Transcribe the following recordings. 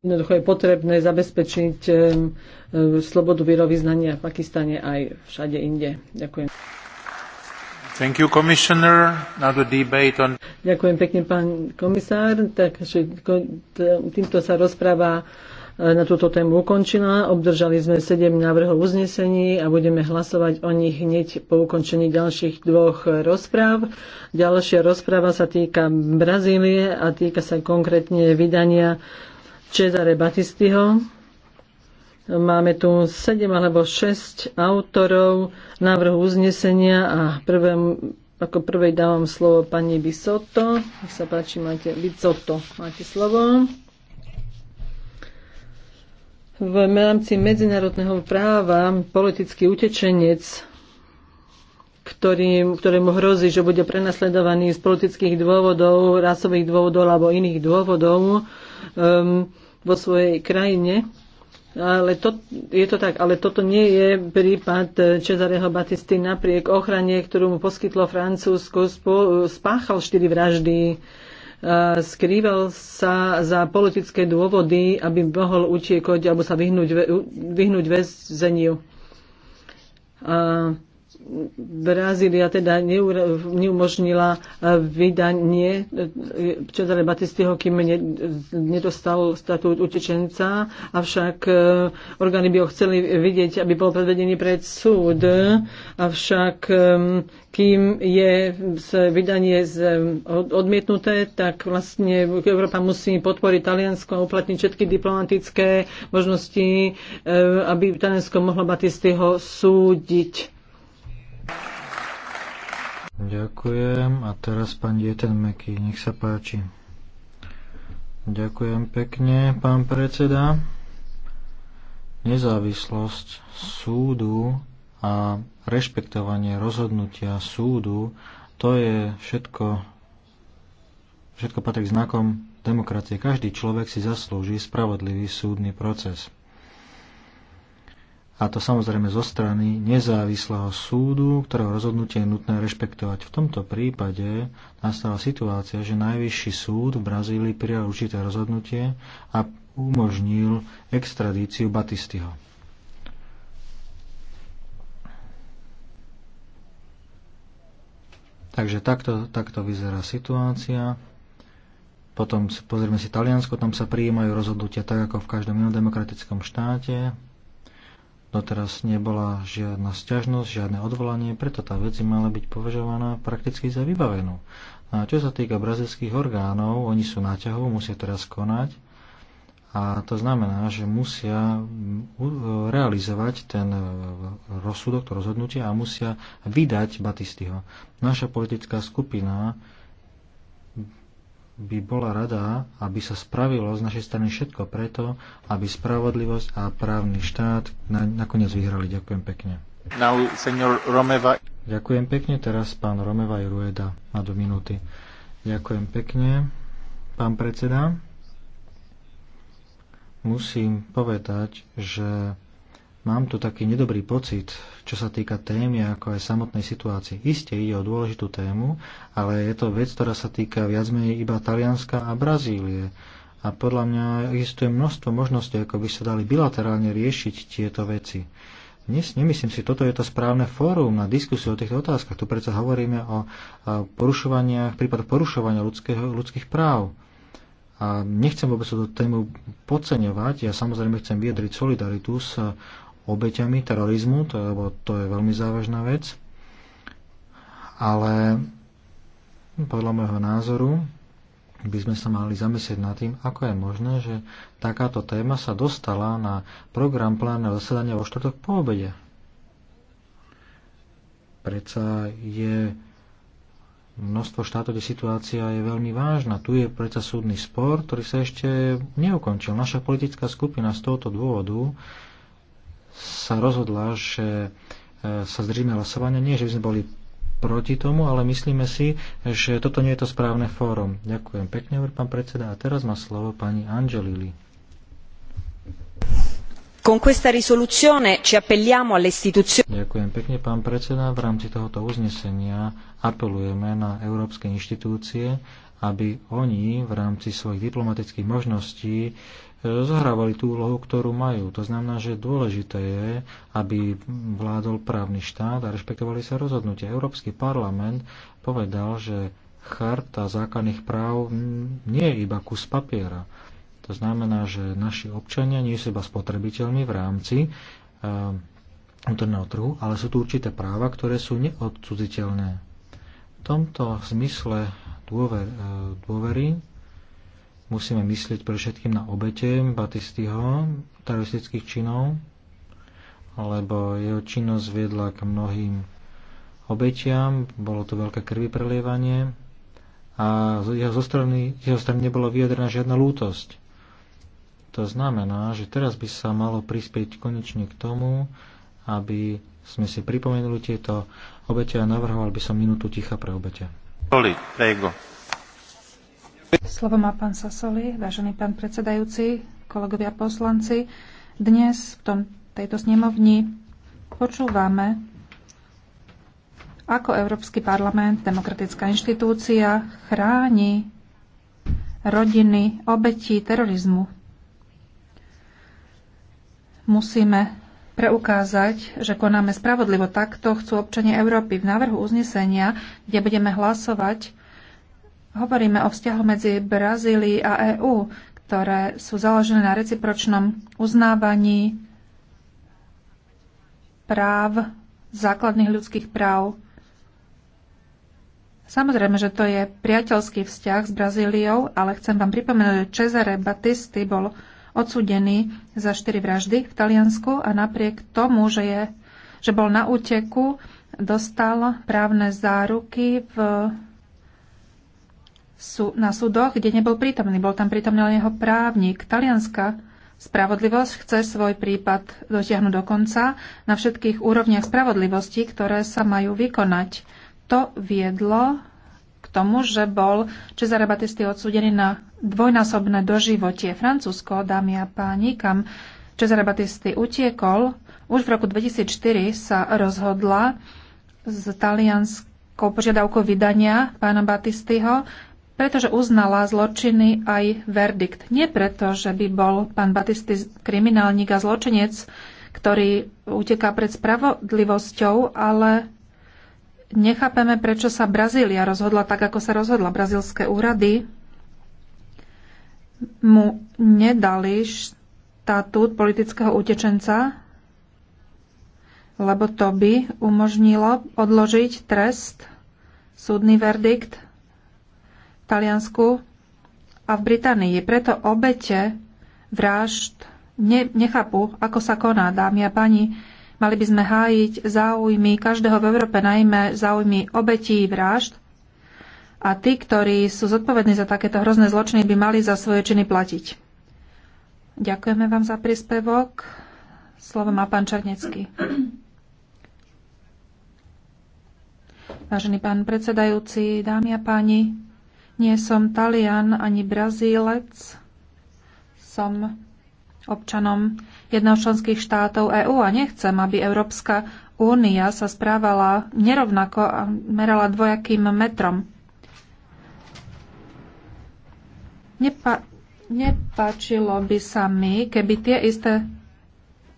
Jednoducho je potrebné zabezpečiť slobodu vierovýznania v Pakistane aj všade inde. Ďakujem. Thank you, Commissioner. Another debate on... Ďakujem pekne, pán komisár. Takže týmto sa rozpráva e, na túto tému ukončila. Obdržali sme 7 návrhov uznesení a budeme hlasovať o nich hneď po ukončení ďalších dvoch rozpráv. Ďalšia rozpráva sa týka Brazílie a týka sa konkrétne vydania Cezare Batistyho. Máme tu 7 alebo 6 autorov návrhu uznesenia a prvém, ako prvej dávam slovo pani Bisotto. Nech sa páči, máte Bisotto, Máte slovo. V rámci medzinárodného práva politický utečenec, ktorý, ktorému hrozí, že bude prenasledovaný z politických dôvodov, rasových dôvodov alebo iných dôvodov, um, vo svojej krajine. Ale to, je to tak, ale toto nie je prípad Cezareho Batisty. Napriek ochrane, ktorú mu poskytlo Francúzsko, spáchal štyri vraždy skrýval sa za politické dôvody, aby mohol utiekať alebo sa vyhnúť, vyhnúť väzeniu. A Brazília teda neumožnila e, vydanie Čadara e, Batistyho, kým nedostal statút utečenca, avšak e, orgány by ho chceli vidieť, aby bol predvedený pred súd, avšak kým je vydanie odmietnuté, tak vlastne Európa musí podporiť Taliansko a uplatniť všetky diplomatické možnosti, aby Taliansko mohlo Batistyho súdiť. Ďakujem. A teraz pán Dieten Meky, nech sa páči. Ďakujem pekne, pán predseda. Nezávislosť súdu a rešpektovanie rozhodnutia súdu, to je všetko, všetko patrí k znakom demokracie. Každý človek si zaslúži spravodlivý súdny proces a to samozrejme zo strany nezávislého súdu, ktorého rozhodnutie je nutné rešpektovať. V tomto prípade nastala situácia, že najvyšší súd v Brazílii prijal určité rozhodnutie a umožnil extradíciu Batistyho. Takže takto, takto vyzerá situácia. Potom pozrieme si Taliansko, tam sa prijímajú rozhodnutia tak ako v každom inom demokratickom štáte Doteraz nebola žiadna sťažnosť, žiadne odvolanie, preto tá vec mala byť považovaná prakticky za vybavenú. A čo sa týka brazilských orgánov, oni sú na ťahu, musia teraz konať. A to znamená, že musia mm, realizovať ten e, rozsudok, to rozhodnutie a musia vydať Batistyho. Naša politická skupina by bola rada, aby sa spravilo z našej strany všetko preto, aby spravodlivosť a právny štát na, nakoniec vyhrali. Ďakujem pekne. Now, Romeva. Ďakujem pekne. Teraz pán Romeva Rueda na do minúty. Ďakujem pekne, pán predseda. Musím povedať, že Mám tu taký nedobrý pocit, čo sa týka témy ako aj samotnej situácii. Isté ide o dôležitú tému, ale je to vec, ktorá sa týka viac menej iba Talianska a Brazílie. A podľa mňa existuje množstvo možností, ako by sa dali bilaterálne riešiť tieto veci. Dnes nemyslím si, toto je to správne fórum na diskusiu o týchto otázkach. Tu predsa hovoríme o porušovaniach, prípad porušovania ľudského, ľudských práv. A nechcem vôbec túto tému podceňovať, ja samozrejme chcem vyjadriť solidaritu s obeťami terorizmu, to, lebo to je veľmi závažná vec. Ale podľa môjho názoru by sme sa mali zamyslieť nad tým, ako je možné, že takáto téma sa dostala na program plánneho zasedania vo štvrtok po obede. Predsa je množstvo štátov, kde situácia je veľmi vážna. Tu je predsa súdny spor, ktorý sa ešte neukončil. Naša politická skupina z tohoto dôvodu sa rozhodla, že e, sa zdržíme hlasovania. Nie, že by sme boli proti tomu, ale myslíme si, že toto nie je to správne fórum. Ďakujem pekne, pán predseda. A teraz má slovo pani Angelili. Con questa risoluzione ci appelliamo alle istituzioni. Ďakujem pekne, pán predseda. V rámci tohoto uznesenia apelujeme na európske inštitúcie, aby oni v rámci svojich diplomatických možností zohrávali tú úlohu, ktorú majú. To znamená, že dôležité je, aby vládol právny štát a rešpektovali sa rozhodnutia. Európsky parlament povedal, že charta základných práv nie je iba kus papiera. To znamená, že naši občania nie sú iba spotrebiteľmi v rámci eh, vnútorného trhu, ale sú tu určité práva, ktoré sú neodcudziteľné. V tomto zmysle dôver, eh, dôvery Musíme myslieť pre všetkým na obete Batistyho teroristických činov, lebo jeho činnosť viedla k mnohým obetiam, bolo to veľké krvi prelievanie a jeho, zo strany, jeho strany nebolo vyjadrená žiadna lútosť. To znamená, že teraz by sa malo prispieť konečne k tomu, aby sme si pripomenuli tieto obete a navrhoval by som minútu ticha pre obete. Oli, prego. Slovo má pán Sasoli, vážený pán predsedajúci, kolegovia poslanci. Dnes v tom, tejto snemovni počúvame, ako Európsky parlament, demokratická inštitúcia, chráni rodiny obetí terorizmu. Musíme preukázať, že konáme spravodlivo. Takto chcú občania Európy v návrhu uznesenia, kde budeme hlasovať Hovoríme o vzťahu medzi Brazílii a EÚ, ktoré sú založené na recipročnom uznávaní práv, základných ľudských práv. Samozrejme, že to je priateľský vzťah s Brazíliou, ale chcem vám pripomenúť, že Cesare Battisti bol odsudený za štyri vraždy v Taliansku a napriek tomu, že, je, že bol na úteku, dostal právne záruky v na súdoch, kde nebol prítomný. Bol tam prítomný len jeho právnik. Talianska spravodlivosť chce svoj prípad dotiahnuť do konca na všetkých úrovniach spravodlivosti, ktoré sa majú vykonať. To viedlo k tomu, že bol Cesare Batisti odsúdený na dvojnásobné doživotie. Francúzsko, dámy a páni, kam Cesare Batisti utiekol, už v roku 2004 sa rozhodla s talianskou požiadavkou vydania pána Batistyho pretože uznala zločiny aj verdikt. Nie preto, že by bol pán Batisty kriminálnik a zločinec, ktorý uteká pred spravodlivosťou, ale nechápeme, prečo sa Brazília rozhodla tak, ako sa rozhodla. Brazílske úrady mu nedali štatút politického utečenca, lebo to by umožnilo odložiť trest, súdny verdikt Taliansku a v Británii. Preto obete vražd ne, nechápu, ako sa koná, dámy a pani. Mali by sme hájiť záujmy každého v Európe, najmä záujmy obetí vražd. A tí, ktorí sú zodpovední za takéto hrozné zločiny, by mali za svoje činy platiť. Ďakujeme vám za príspevok. Slovo má pán Čarnecký. Vážený pán predsedajúci, dámy a páni, nie som Talian ani Brazílec. Som občanom jedného členských štátov EÚ a nechcem, aby Európska únia sa správala nerovnako a merala dvojakým metrom. Nepa- nepáčilo by sa mi, keby tie isté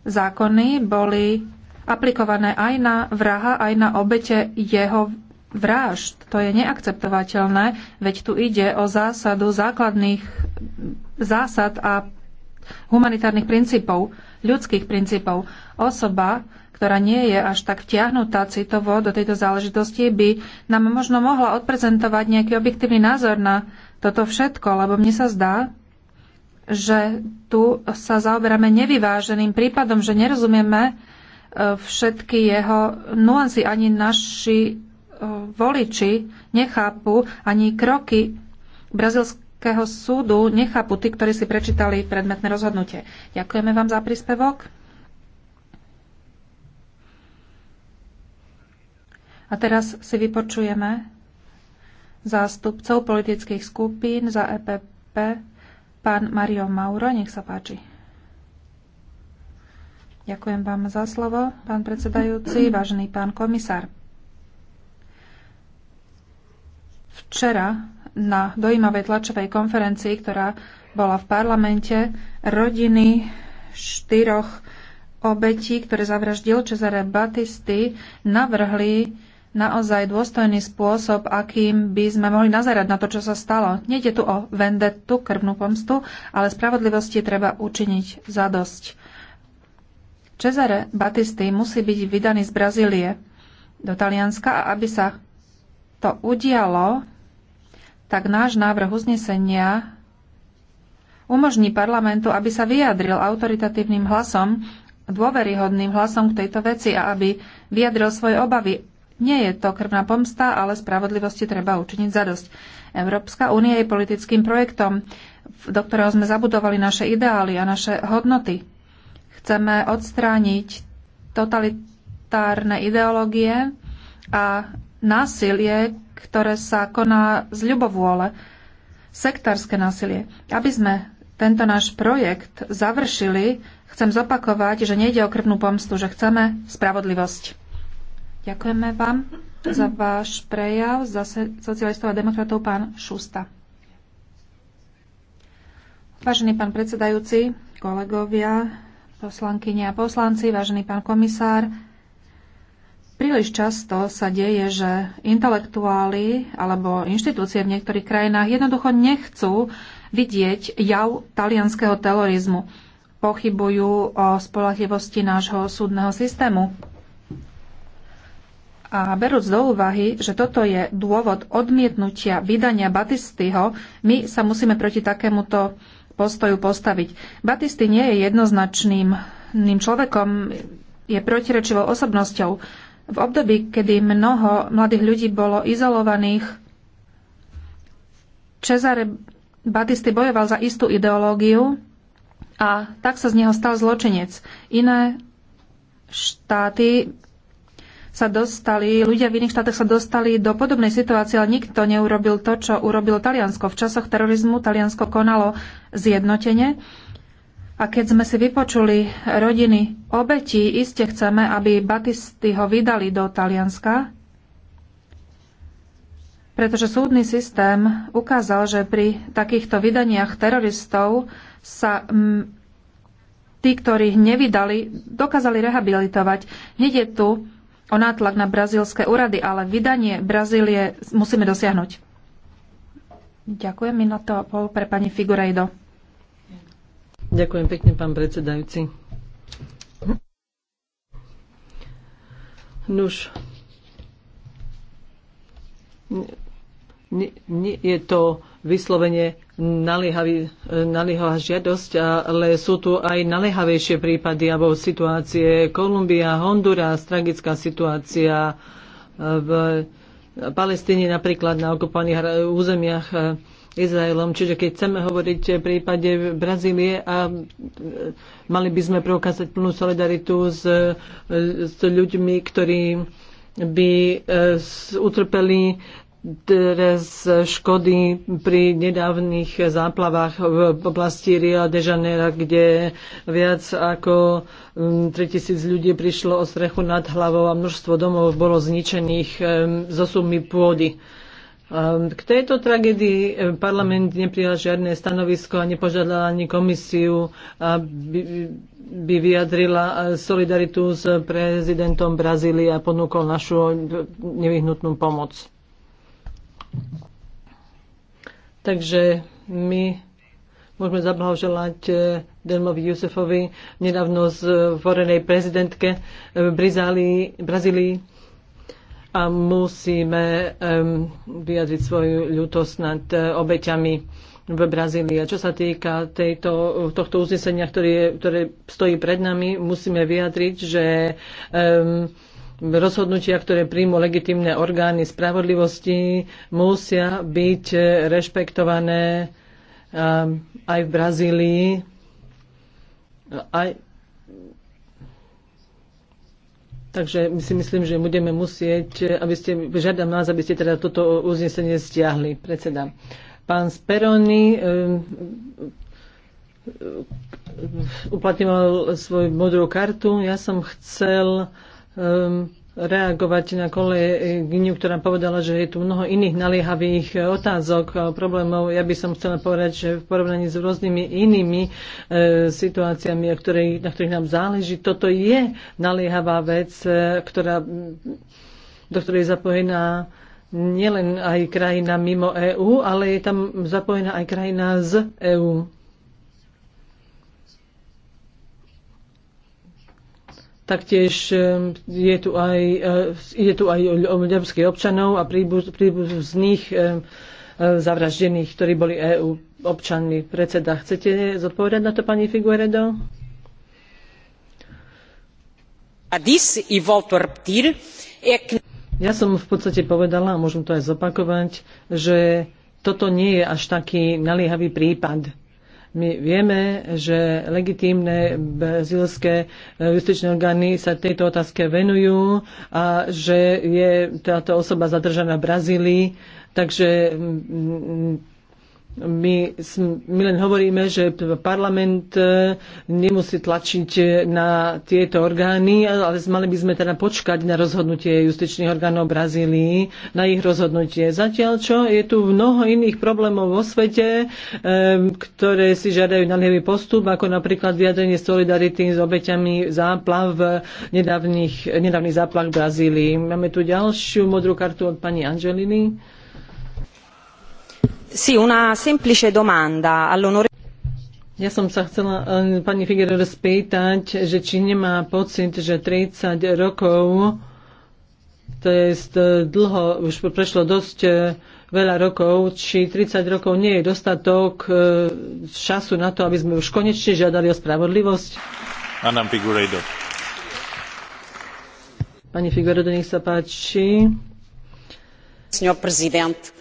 zákony boli aplikované aj na vraha, aj na obete jeho vražd. To je neakceptovateľné, veď tu ide o zásadu základných zásad a humanitárnych princípov, ľudských princípov. Osoba, ktorá nie je až tak vtiahnutá citovo do tejto záležitosti, by nám možno mohla odprezentovať nejaký objektívny názor na toto všetko, lebo mne sa zdá, že tu sa zaoberáme nevyváženým prípadom, že nerozumieme e, všetky jeho nuancy, ani naši voliči nechápu ani kroky brazilského súdu, nechápu tí, ktorí si prečítali predmetné rozhodnutie. Ďakujeme vám za príspevok. A teraz si vypočujeme zástupcov politických skupín za EPP, pán Mario Mauro, nech sa páči. Ďakujem vám za slovo, pán predsedajúci, vážený pán komisár. Včera na dojímavej tlačovej konferencii, ktorá bola v parlamente, rodiny štyroch obetí, ktoré zavraždil Cesare Batisty, navrhli naozaj dôstojný spôsob, akým by sme mohli nazerať na to, čo sa stalo. Nejde tu o vendetu, krvnú pomstu, ale spravodlivosti treba učiniť zadosť. Cesare Batisty musí byť vydaný z Brazílie do Talianska a aby sa to udialo, tak náš návrh uznesenia umožní parlamentu, aby sa vyjadril autoritatívnym hlasom, dôveryhodným hlasom k tejto veci a aby vyjadril svoje obavy. Nie je to krvná pomsta, ale spravodlivosti treba učiniť zadosť. Európska únia je politickým projektom, do ktorého sme zabudovali naše ideály a naše hodnoty. Chceme odstrániť totalitárne ideológie a násilie, ktoré sa koná z ľubovôle, sektárske násilie. Aby sme tento náš projekt završili, chcem zopakovať, že nejde o krvnú pomstu, že chceme spravodlivosť. Ďakujeme vám za váš prejav za socialistov a demokratov pán Šusta. Vážený pán predsedajúci, kolegovia, poslankyne a poslanci, vážený pán komisár, Príliš často sa deje, že intelektuáli alebo inštitúcie v niektorých krajinách jednoducho nechcú vidieť jav talianského terorizmu. Pochybujú o spolahlivosti nášho súdneho systému. A berúc do úvahy, že toto je dôvod odmietnutia vydania Batistyho, my sa musíme proti takémuto postoju postaviť. Batisty nie je jednoznačným človekom, je protirečivou osobnosťou. V období, kedy mnoho mladých ľudí bolo izolovaných, Cesare Batisty bojoval za istú ideológiu a tak sa z neho stal zločinec. Iné štáty sa dostali, ľudia v iných štátoch sa dostali do podobnej situácie, ale nikto neurobil to, čo urobil Taliansko. V časoch terorizmu Taliansko konalo zjednotene a keď sme si vypočuli rodiny obetí, iste chceme, aby Batisty ho vydali do Talianska, pretože súdny systém ukázal, že pri takýchto vydaniach teroristov sa m, tí, ktorí nevydali, dokázali rehabilitovať. Nede tu o nátlak na brazílske úrady, ale vydanie Brazílie musíme dosiahnuť. Ďakujem, minúta a pol pre pani Figurejdo. Ďakujem pekne, pán predsedajúci. Nuž, nie, nie je to vyslovene naliehavá žiadosť, ale sú tu aj naliehavejšie prípady alebo situácie. Kolumbia, Honduras, tragická situácia v Palestíne napríklad na okupovaných územiach Izraelom. Čiže keď chceme hovoriť v prípade Brazílie a e, mali by sme preukázať plnú solidaritu s, e, s ľuďmi, ktorí by e, utrpeli teraz škody pri nedávnych záplavách v oblasti Rio de Janeiro, kde viac ako 3000 ľudí prišlo o strechu nad hlavou a množstvo domov bolo zničených zo sumy pôdy. Ehm, k tejto tragédii ehm, parlament neprijal žiadne stanovisko a nepožiadal ani komisiu, aby by vyjadrila eh, solidaritu s prezidentom Brazílie a ponúkol našu nevyhnutnú pomoc. Takže my môžeme zablahoželať eh, Delmovi Jusefovi, nedávno eh, zvorenej prezidentke Brazílii, a musíme um, vyjadriť svoju ľutosť nad uh, obeťami v Brazílii. A čo sa týka tejto, tohto uznesenia, ktoré, je, ktoré stojí pred nami, musíme vyjadriť, že um, rozhodnutia, ktoré príjmu legitimné orgány spravodlivosti, musia byť eh, rešpektované um, aj v Brazílii, aj Takže my si myslím, že budeme musieť, aby ste, žiadam nás, aby ste teda toto uznesenie stiahli, predseda. Pán Speroni eh, uplatňoval svoju modrú kartu. Ja som chcel um, reagovať na kolegyňu, ktorá povedala, že je tu mnoho iných naliehavých otázok a problémov. Ja by som chcela povedať, že v porovnaní s rôznymi inými e, situáciami, o ktorej, na ktorých nám záleží, toto je naliehavá vec, e, ktorá, do ktorej je zapojená nielen aj krajina mimo EÚ, ale je tam zapojená aj krajina z EÚ. Taktiež ehm, je tu aj, e, ide tu aj o európskych občanov a príbuz, nich ehm, e, zavraždených, ktorí boli EU občanmi. Predseda, chcete zodpovedať na to, pani Figueredo? Ja som v podstate povedala, a môžem to aj zopakovať, že toto nie je až taký naliehavý prípad my vieme, že legitímne brazilské e, justičné orgány sa tejto otázke venujú a že je táto osoba zadržaná v Brazílii, takže my, my len hovoríme, že parlament e, nemusí tlačiť e, na tieto orgány, ale mali by sme teda počkať na rozhodnutie justičných orgánov Brazílii, na ich rozhodnutie. Zatiaľ čo je tu mnoho iných problémov vo svete, e, ktoré si žiadajú nevý postup, ako napríklad vyjadrenie solidarity s obeťami záplav v nedávnych, nedávnych záplav v Brazílii. Máme tu ďalšiu modrú kartu od pani Angeliny. Sì, una semplice domanda Ja som sa chcela e, pani Figueroa spýtať, že či nemá pocit, že 30 rokov, to je e, dlho, už prešlo dosť e, veľa rokov, či 30 rokov nie je dostatok času na to, aby sme už konečne žiadali o spravodlivosť. Figueiredo. Pani Figueiredo, nech sa páči. Presidente,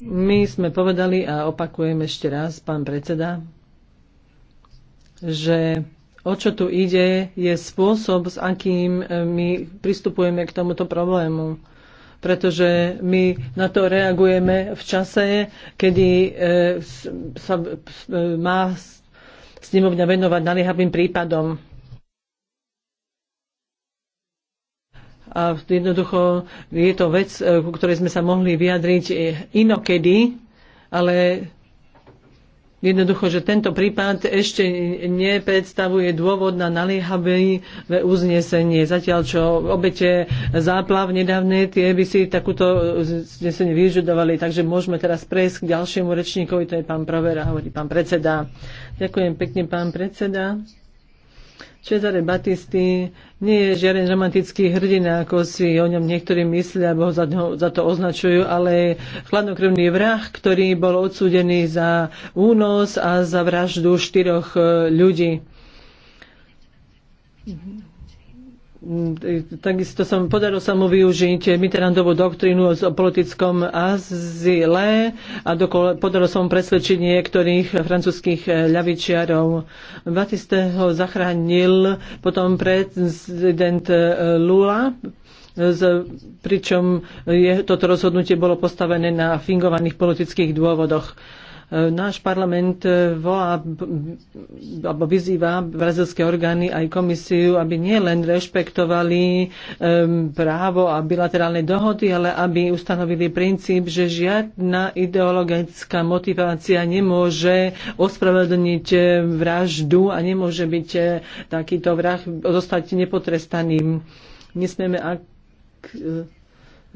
my sme povedali a opakujem ešte raz, pán predseda, že o čo tu ide, je spôsob, s akým e, my pristupujeme k tomuto problému pretože my na to reagujeme v čase, kedy e, sa e, má snemovňa venovať naliehavým prípadom. a jednoducho je to vec, e, ku ktorej sme sa mohli vyjadriť e, inokedy, ale Jednoducho, že tento prípad ešte nepredstavuje dôvod na naliehavé uznesenie. Zatiaľ, čo obete záplav nedávne, tie by si takúto uznesenie vyžudovali. Takže môžeme teraz prejsť k ďalšiemu rečníkovi, to je pán Provera, hovorí pán predseda. Ďakujem pekne, pán predseda. Cezare Batisty nie je žiaden romantický hrdina, ako si o ňom niektorí myslia, alebo ho za, ho za to označujú, ale chladnokrvný vrah, ktorý bol odsúdený za únos a za vraždu štyroch eh, ľudí. Takisto som, podarilo sa mu využiť Mitterrandovú doktrínu o politickom azile a dokole, podarilo sa mu presvedčiť niektorých francúzských eh, ľavičiarov. Batiste ho zachránil potom prezident eh, Lula, pričom je, toto rozhodnutie bolo postavené na fingovaných politických dôvodoch. E, náš parlament e, volá alebo vyzýva brazilské orgány aj komisiu, aby nielen rešpektovali e, právo a bilaterálne dohody, ale aby ustanovili princíp, že žiadna ideologická motivácia nemôže ospravedlniť vraždu a nemôže byť takýto vrah zostať nepotrestaným. Nesmieme ak,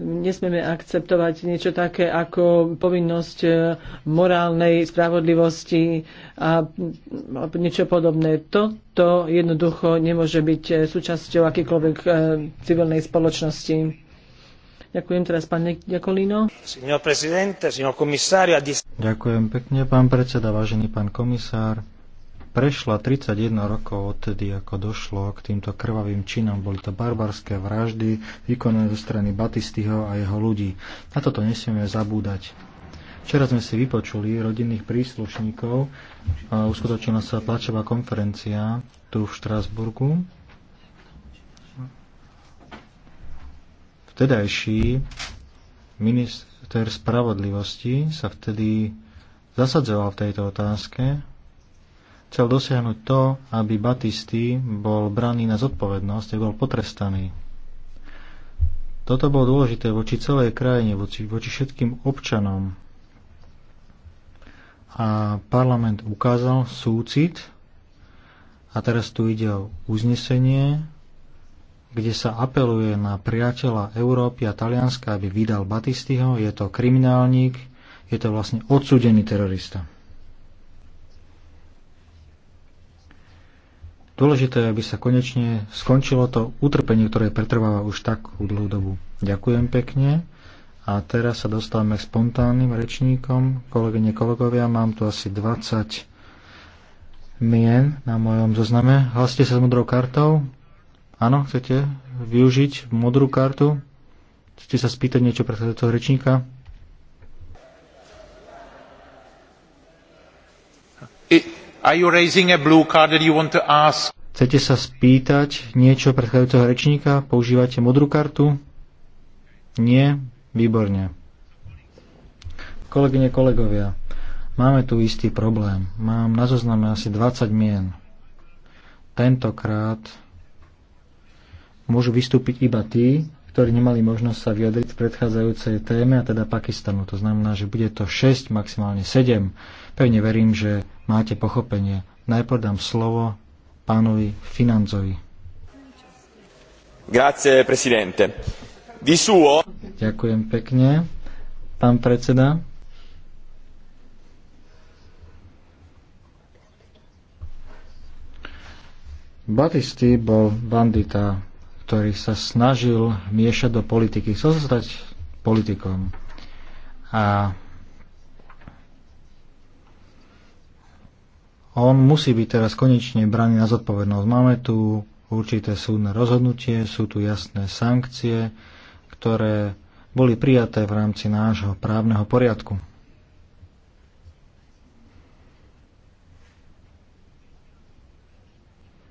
Nesmieme akceptovať niečo také ako povinnosť e, morálnej spravodlivosti a niečo podobné. Toto jednoducho nemôže byť e, súčasťou akýkoľvek e, civilnej spoločnosti. Ďakujem teraz, pán Jakolino. Ďakujem pekne, pán predseda, vážený pán komisár prešla 31 rokov odtedy, ako došlo k týmto krvavým činom. Boli to barbarské vraždy vykonané zo strany Batistyho a jeho ľudí. Na toto nesmieme zabúdať. Včera sme si vypočuli rodinných príslušníkov. Uskutočnila sa tlačová konferencia tu v Štrásburgu. Vtedajší minister spravodlivosti sa vtedy zasadzoval v tejto otázke chcel dosiahnuť to, aby Batisty bol braný na zodpovednosť a bol potrestaný. Toto bolo dôležité voči celej krajine, voči, voči všetkým občanom. A parlament ukázal súcit a teraz tu ide o uznesenie, kde sa apeluje na priateľa Európy a Talianska, aby vydal Batistyho. Je to kriminálnik, je to vlastne odsúdený terorista. Dôležité je, aby sa konečne skončilo to utrpenie, ktoré pretrváva už takú dlhú dobu. Ďakujem pekne. A teraz sa dostávame k spontánnym rečníkom. Kolegyne, kolegovia, mám tu asi 20 mien na mojom zozname. Hlaste sa s modrou kartou? Áno, chcete využiť modrú kartu? Chcete sa spýtať niečo pre toho rečníka? I- Are you raising a blue card that you want to ask? Chcete sa spýtať niečo predchádzajúceho rečníka? Používate modrú kartu? Nie? Výborne. Kolegyne, kolegovia, máme tu istý problém. Mám na zozname asi 20 mien. Tentokrát môžu vystúpiť iba tí, ktorí nemali možnosť sa vyjadriť v predchádzajúcej téme, a teda Pakistanu. To znamená, že bude to 6, maximálne 7. Pevne verím, že máte pochopenie. Najprv dám slovo pánovi Financovi. Grazie, presidente. Di suo... Ďakujem pekne, pán predseda. Batisti bol bandita ktorý sa snažil miešať do politiky. Chcel sa stať politikom. A on musí byť teraz konečne braný na zodpovednosť. Máme tu určité súdne rozhodnutie, sú tu jasné sankcie, ktoré boli prijaté v rámci nášho právneho poriadku.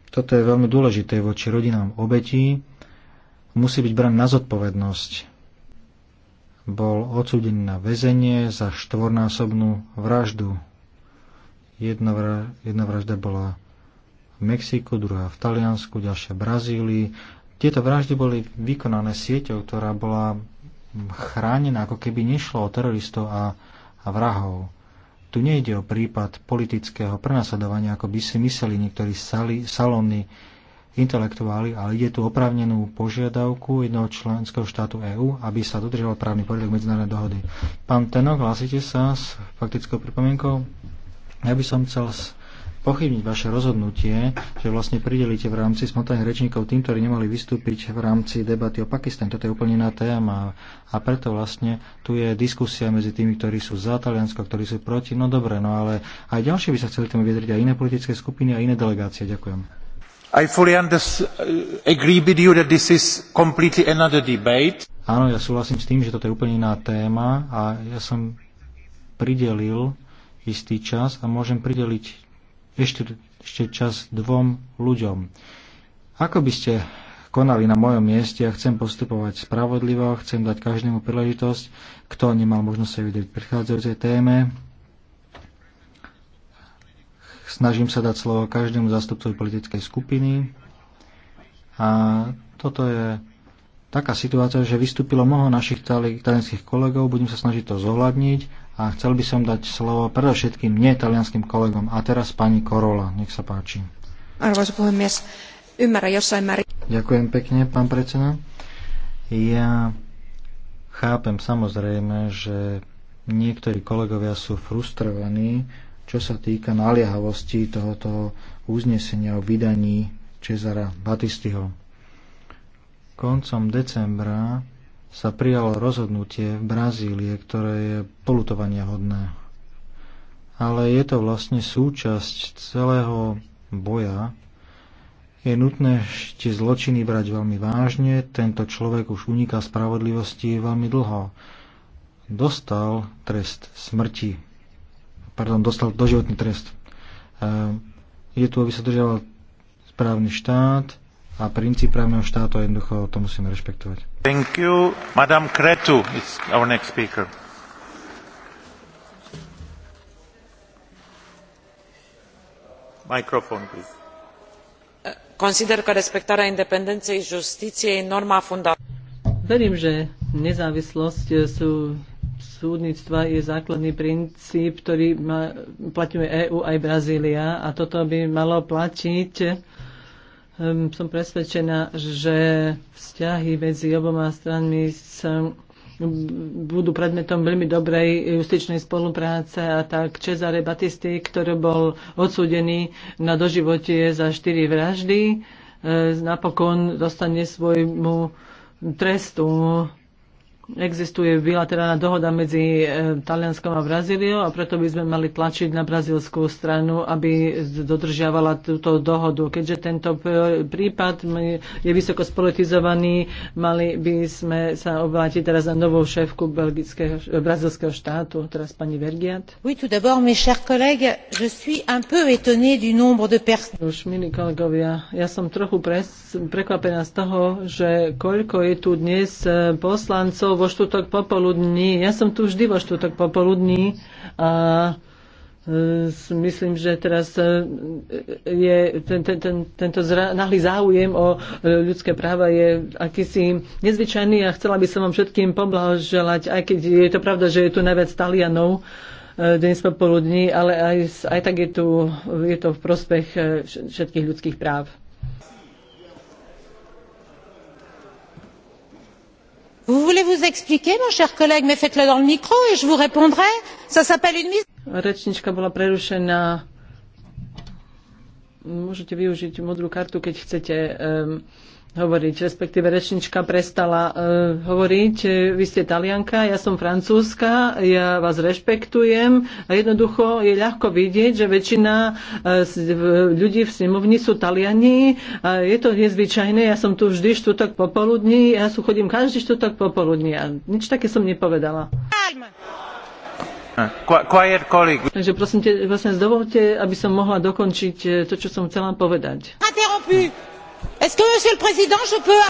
Toto je veľmi dôležité voči rodinám obetí musí byť braný na zodpovednosť. Bol odsúdený na väzenie za štvornásobnú vraždu. Jedna, vra, jedna vražda bola v Mexiku, druhá v Taliansku, ďalšia v Brazílii. Tieto vraždy boli vykonané sieťou, ktorá bola chránená, ako keby nešlo o teroristov a, a vrahov. Tu nejde o prípad politického prenasledovania, ako by si mysleli niektorí sali, salónni intelektuáli, ale ide tu oprávnenú požiadavku jednoho členského štátu EÚ, aby sa dodržal právny poriadok medzinárodnej dohody. Pán Tenok, hlásite sa s faktickou pripomienkou? Ja by som chcel pochybniť vaše rozhodnutie, že vlastne pridelíte v rámci smotaných rečníkov tým, ktorí nemali vystúpiť v rámci debaty o Pakistane. Toto je úplne iná téma a preto vlastne tu je diskusia medzi tými, ktorí sú za Taliansko, ktorí sú proti. No dobre, no ale aj ďalšie by sa chceli tomu vyjadriť aj iné politické skupiny a iné delegácie. Ďakujem. Uh, Áno, ja súhlasím s tým, že toto je úplne iná téma a ja som pridelil istý čas a môžem prideliť ešte, ešte čas dvom ľuďom. Ako by ste konali na mojom mieste a ja chcem postupovať spravodlivo, chcem dať každému príležitosť, kto nemal možnosť sa vydať v predchádzajúcej téme, Snažím sa dať slovo každému zastupcovi politickej skupiny. A toto je taká situácia, že vystúpilo mnoho našich talianských kolegov, budem sa snažiť to zohľadniť a chcel by som dať slovo predovšetkým nie talianským kolegom. A teraz pani Korola, nech sa páči. Arvoisa puhemies, ymmärrän jossain määrin. Ďakujem pekne, pán predseda. Ja chápem samozrejme, že niektorí kolegovia sú frustrovaní čo sa týka naliehavosti tohoto uznesenia o vydaní Cezara Batistyho. Koncom decembra sa prijalo rozhodnutie v Brazílie, ktoré je polutovania hodné. Ale je to vlastne súčasť celého boja. Je nutné tie zločiny brať veľmi vážne. Tento človek už uniká spravodlivosti veľmi dlho. Dostal trest smrti pardon, dostal doživotný trest. E, je tu, aby sa držal správny štát a princíp právneho štátu a jednoducho to musíme rešpektovať. Thank you. Madame Kretu is our next speaker. Microphone, please. E, consider că respectarea independenței justiției e norma fundamentală. Verím, že nezávislosť e, sú súdnictva je základný princíp, ktorý má, platňuje EÚ aj Brazília a toto by malo platiť. Ehm, som presvedčená, že vzťahy medzi oboma stranmi sa budú predmetom veľmi dobrej justičnej spolupráce a tak Cesare Batisti, ktorý bol odsúdený na doživotie za štyri vraždy, ehm, napokon dostane svojmu trestu existuje bilaterálna dohoda medzi e, Talianskom a Brazíliou a preto by sme mali tlačiť na brazílskú stranu, aby dodržiavala túto dohodu. Keďže tento prípad je vysoko spolitizovaný, mali by sme sa obrátiť teraz na novú šéfku brazilského štátu, teraz pani Vergiat. Oui, tout d'abord, mes chers collègues, je suis un peu étonnée du nombre de personnes. Už, milí kolegovia, ja som trochu pres, prekvapená z toho, že koľko je tu dnes e, poslancov vo štútok popoludní. Ja som tu vždy vo štútok popoludní a e, myslím, že teraz e, je ten, ten, ten, tento zra, nahlý záujem o e, ľudské práva je akýsi nezvyčajný a chcela by som vám všetkým poblahoželať, aj keď je to pravda, že je tu najviac Talianov dnes popoludní, ale aj, aj tak je, tu, je to v prospech všetkých ľudských práv. vous voulez vous expliquer mon cher collègue mais faites le dans le micro et je vous répondrai ça s'appelle une mise Rečnička bola prerušená. Môžete využiť modrú kartu, keď chcete. Um, hovoriť, respektíve rečnička prestala uh, hovoriť. E, vy ste talianka, ja som francúzska, ja vás rešpektujem a jednoducho je ľahko vidieť, že väčšina uh, ľudí v snemovni sú taliani a je to nezvyčajné, ja som tu vždy štutok popoludní, ja sú chodím každý štutok popoludní a nič také som nepovedala. Ah, quiet colleague. Takže prosím te, vlastne dovolte, aby som mohla dokončiť to, čo som chcela povedať. Interrompu.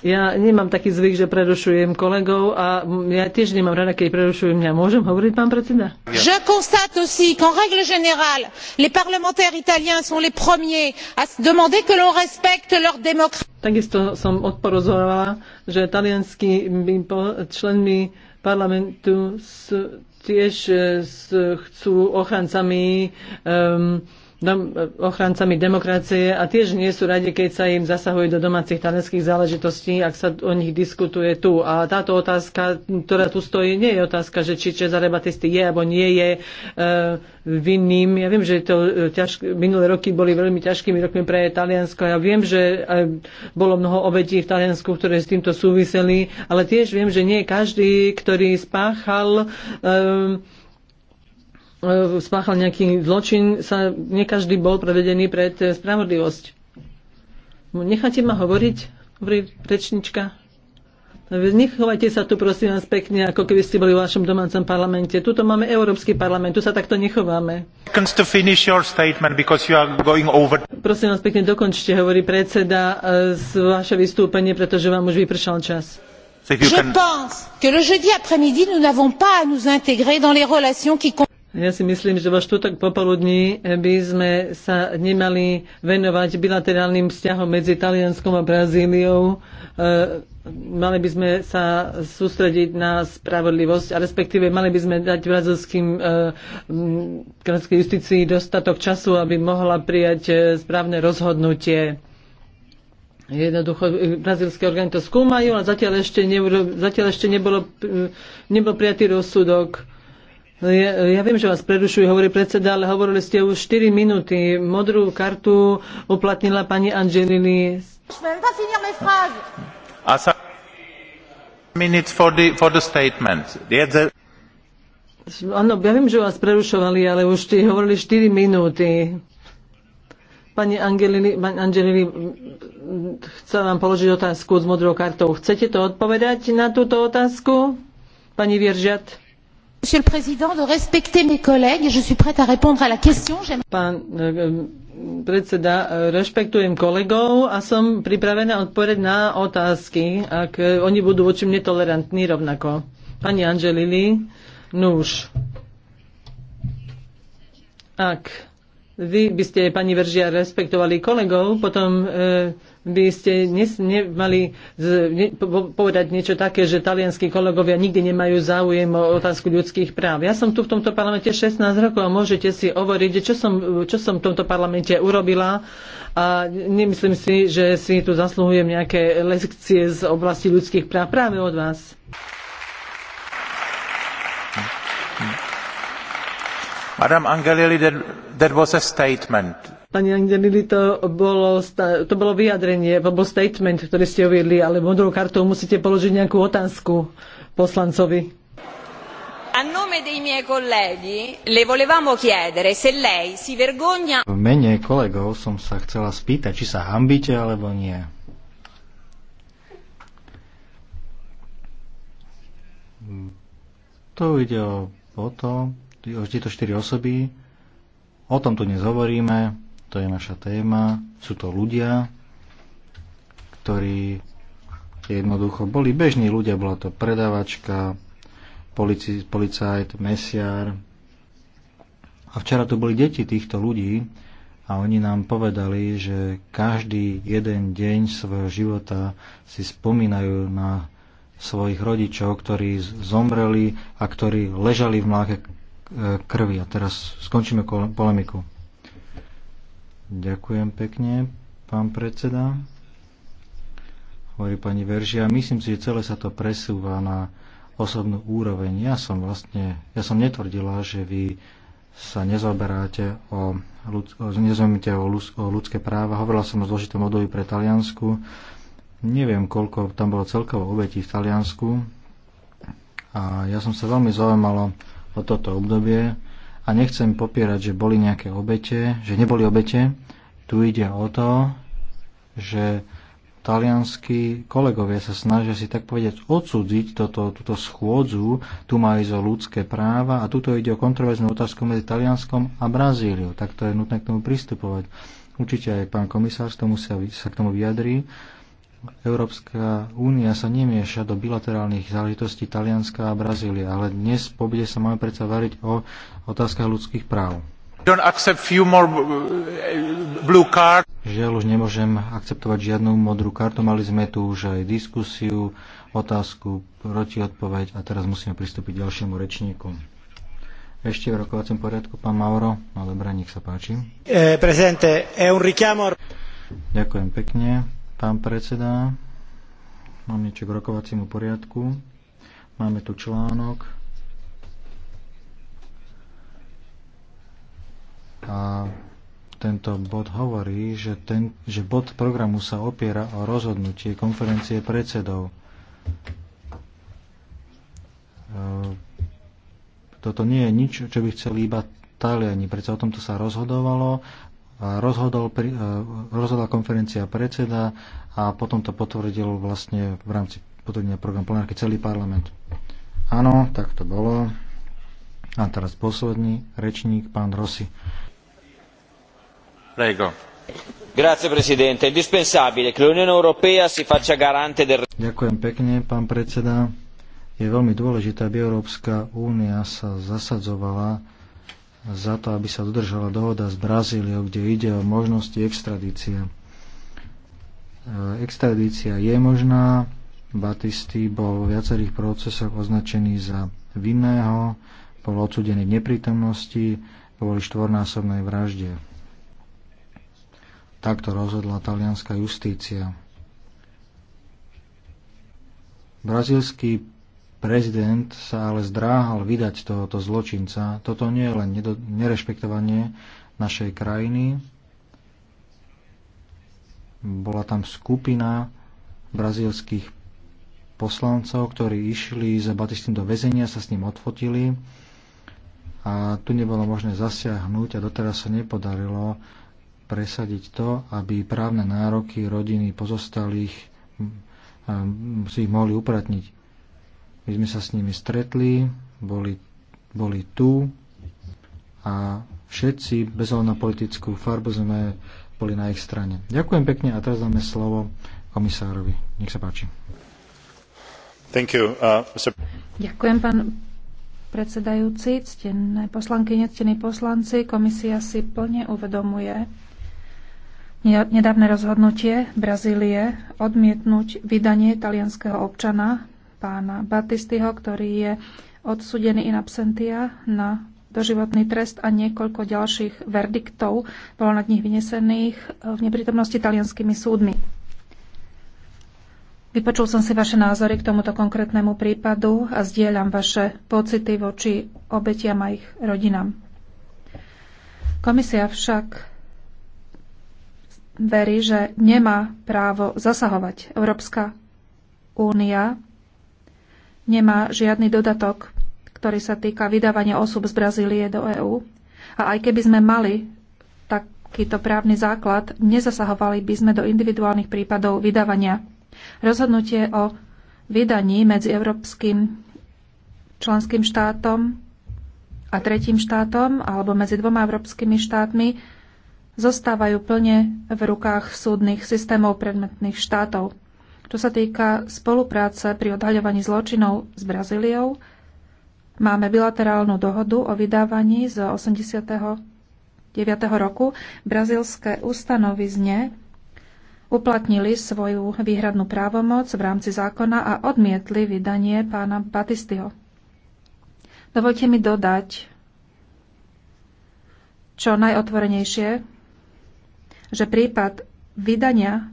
Ja nemám taký zvyk, že prerušujem kolegov a ja tiež nemám rada, keď prerušujem mňa. Môžem hovoriť, pán predseda? Je constate aussi qu'en règle générale, les parlementaires italiens sont les premiers à demander que l'on respecte leur démocratie. Takisto som odporozovala, že talianskí členmi parlamentu sú tiež eh, s, chcú ochrancami um, ochrancami demokracie a tiež nie sú radi, keď sa im zasahuje do domácich talianských záležitostí, ak sa o nich diskutuje tu. A táto otázka, ktorá tu stojí, nie je otázka, že či Cezare Batisti je alebo nie je e, vinným. Ja viem, že to e, ťažk- minulé roky boli veľmi ťažkými rokmi pre Taliansko. Ja viem, že e, bolo mnoho obetí v Taliansku, ktoré s týmto súviseli, ale tiež viem, že nie každý, ktorý spáchal e, E, spáchal nejaký zločin, sa nekaždý bol prevedený pred e, spravodlivosť. Necháte ma hovoriť, hovorí rečnička. Nechovajte sa tu prosím vás pekne, ako keby ste boli v vašom domácom parlamente. Tuto máme Európsky parlament, tu sa takto nechováme. Over... Prosím vás pekne, dokončte, hovorí predseda, e, z vaše vystúpenie, pretože vám už vypršal čas. So can... Je pense que le jeudi après-midi, nous n'avons pas à nous intégrer dans les relations qui ja si myslím, že vo štvrtok popoludní by sme sa nemali venovať bilaterálnym vzťahom medzi Talianskom a Brazíliou. E, mali by sme sa sústrediť na spravodlivosť a respektíve mali by sme dať brazilským krátskej e, justícii dostatok času, aby mohla prijať e, správne rozhodnutie. Jednoducho, brazilské orgány to skúmajú, ale zatiaľ ešte, nebolo, zatiaľ ešte nebolo, nebol prijatý rozsudok No ja, ja viem, že vás prerušujú, hovorí predseda, ale hovorili ste už 4 minúty. Modrú kartu uplatnila pani Angelini. Asa minutes for the, for the statement. Áno, ja viem, že vás prerušovali, ale už ste hovorili 4 minúty. Pani Angelini, pani Angelini, chcem vám položiť otázku s modrou kartou. Chcete to odpovedať na túto otázku, pani Vieržiat? Monsieur le Président, de respecter mes collègues. Je suis prête à répondre à la question. Eh, eh, predseda, eh, rešpektujem kolegov a som pripravená odpovedať na otázky, ak oni budú voči mne tolerantní rovnako. Pani Angelili, nuž. Ak vy by ste, pani Veržia, respektovali kolegov, potom e, by ste nemali povedať niečo také, že talianskí kolegovia nikdy nemajú záujem o otázku ľudských práv. Ja som tu v tomto parlamente 16 rokov a môžete si hovoriť, čo som, čo som v tomto parlamente urobila a nemyslím si, že si tu zasluhujem nejaké lekcie z oblasti ľudských práv práve od vás. Madame Angelilli, that, that was a statement. Pani Angelili, to bolo, to bolo vyjadrenie, to bol statement, ktorý ste uviedli, ale modrou kartou musíte položiť nejakú otázku poslancovi. A nome dei miei colleghi le volevamo chiedere se lei si vergogna... V mene kolegov som sa chcela spýtať, či sa hambíte alebo nie. To ide o, o to, o tieto štyri osoby, o tom tu dnes hovoríme, to je naša téma, sú to ľudia, ktorí jednoducho boli bežní ľudia, bola to predavačka, polici, policajt, mesiar. A včera tu boli deti týchto ľudí a oni nám povedali, že každý jeden deň svojho života si spomínajú na svojich rodičov, ktorí zomreli a ktorí ležali v mláke e, krvi. A teraz skončíme polemiku. Ďakujem pekne, pán predseda. Hovorí pani Veržia, myslím si, že celé sa to presúva na osobnú úroveň. Ja som vlastne, ja som netvrdila, že vy sa nezoberáte o, nezaujímate o, ľud, o ľudské práva. Hovorila som o zložitom odovi pre Taliansku. Neviem, koľko tam bolo celkovo obetí v Taliansku. A ja som sa veľmi zaujímalo o toto obdobie a nechcem popierať, že boli nejaké obete, že neboli obete. Tu ide o to, že talianskí kolegovia sa snažia si tak povedať odsudziť toto, túto schôdzu, tu má ísť o ľudské práva a tuto ide o kontroverznú otázku medzi Talianskom a Brazíliou. Tak to je nutné k tomu pristupovať. Určite aj pán komisár tomu sa, sa k tomu vyjadrí. Európska únia sa nemieša do bilaterálnych záležitostí Talianska a Brazília, ale dnes po bude sa máme predsa variť o otázkach ľudských práv. Uh, Žiaľ už nemôžem akceptovať žiadnu modrú kartu. Mali sme tu už aj diskusiu, otázku, proti odpoveď a teraz musíme pristúpiť ďalšiemu rečníku. Ešte v rokovacom poriadku, pán Mauro. ale no, dobré, nech sa páči. E, Ďakujem pekne Pán predseda, mám niečo k rokovaciemu poriadku. Máme tu článok. A tento bod hovorí, že, ten, že bod programu sa opiera o rozhodnutie konferencie predsedov. E, toto nie je nič, čo by chceli iba Taliani. Prečo o tomto sa rozhodovalo rozhodol, e, rozhodla konferencia predseda a potom to potvrdil vlastne v rámci potvrdenia program plenárky celý parlament. Áno, tak to bolo. A teraz posledný rečník, pán Rossi. Prego. Grazie Presidente, è indispensabile che l'Unione Europea si faccia garante del... Ďakujem pekne, pán predseda. Je veľmi dôležité, aby Európska únia sa zasadzovala za to, aby sa dodržala dohoda s Brazíliou, kde ide o možnosti extradície. E, extradícia je možná. Batisty bol v viacerých procesoch označený za vinného, bol odsudený v neprítomnosti kvôli štvornásobnej vražde. Takto rozhodla talianská justícia. Brazílsky Prezident sa ale zdráhal vydať tohoto zločinca. Toto nie je len nerešpektovanie našej krajiny. Bola tam skupina brazílskych poslancov, ktorí išli za Batistín do väzenia, sa s ním odfotili a tu nebolo možné zasiahnuť a doteraz sa nepodarilo presadiť to, aby právne nároky rodiny pozostalých si ich mohli upratniť. My sme sa s nimi stretli, boli, boli tu a všetci, bez na politickú farbu, sme boli na ich strane. Ďakujem pekne a teraz dáme slovo komisárovi. Nech sa páči. Thank you, uh, Mr. Ďakujem, pán predsedajúci, ctené poslanky, ctení poslanci. Komisia si plne uvedomuje nedávne rozhodnutie Brazílie odmietnúť vydanie talianského občana pána Batistyho, ktorý je odsudený in absentia na doživotný trest a niekoľko ďalších verdiktov bolo nad nich vynesených v neprítomnosti talianskými súdmi. Vypočul som si vaše názory k tomuto konkrétnemu prípadu a zdieľam vaše pocity voči obetiam a ich rodinám. Komisia však verí, že nemá právo zasahovať. Európska únia nemá žiadny dodatok, ktorý sa týka vydávania osôb z Brazílie do EÚ. A aj keby sme mali takýto právny základ, nezasahovali by sme do individuálnych prípadov vydávania. Rozhodnutie o vydaní medzi Európskym členským štátom a tretím štátom alebo medzi dvoma európskymi štátmi zostávajú plne v rukách súdnych systémov predmetných štátov. Čo sa týka spolupráce pri odhaľovaní zločinov s Brazíliou, máme bilaterálnu dohodu o vydávaní z 89. roku. Brazílske ustanovizne uplatnili svoju výhradnú právomoc v rámci zákona a odmietli vydanie pána Batistyho. Dovolte mi dodať čo najotvorenejšie, že prípad vydania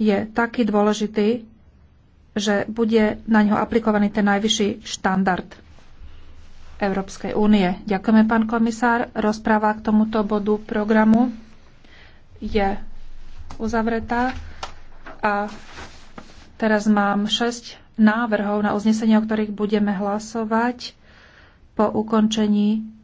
je taký dôležitý, že bude na ňo aplikovaný ten najvyšší štandard Európskej únie. Ďakujeme, pán komisár. Rozpráva k tomuto bodu programu je uzavretá a teraz mám 6 návrhov na uznesenie, o ktorých budeme hlasovať po ukončení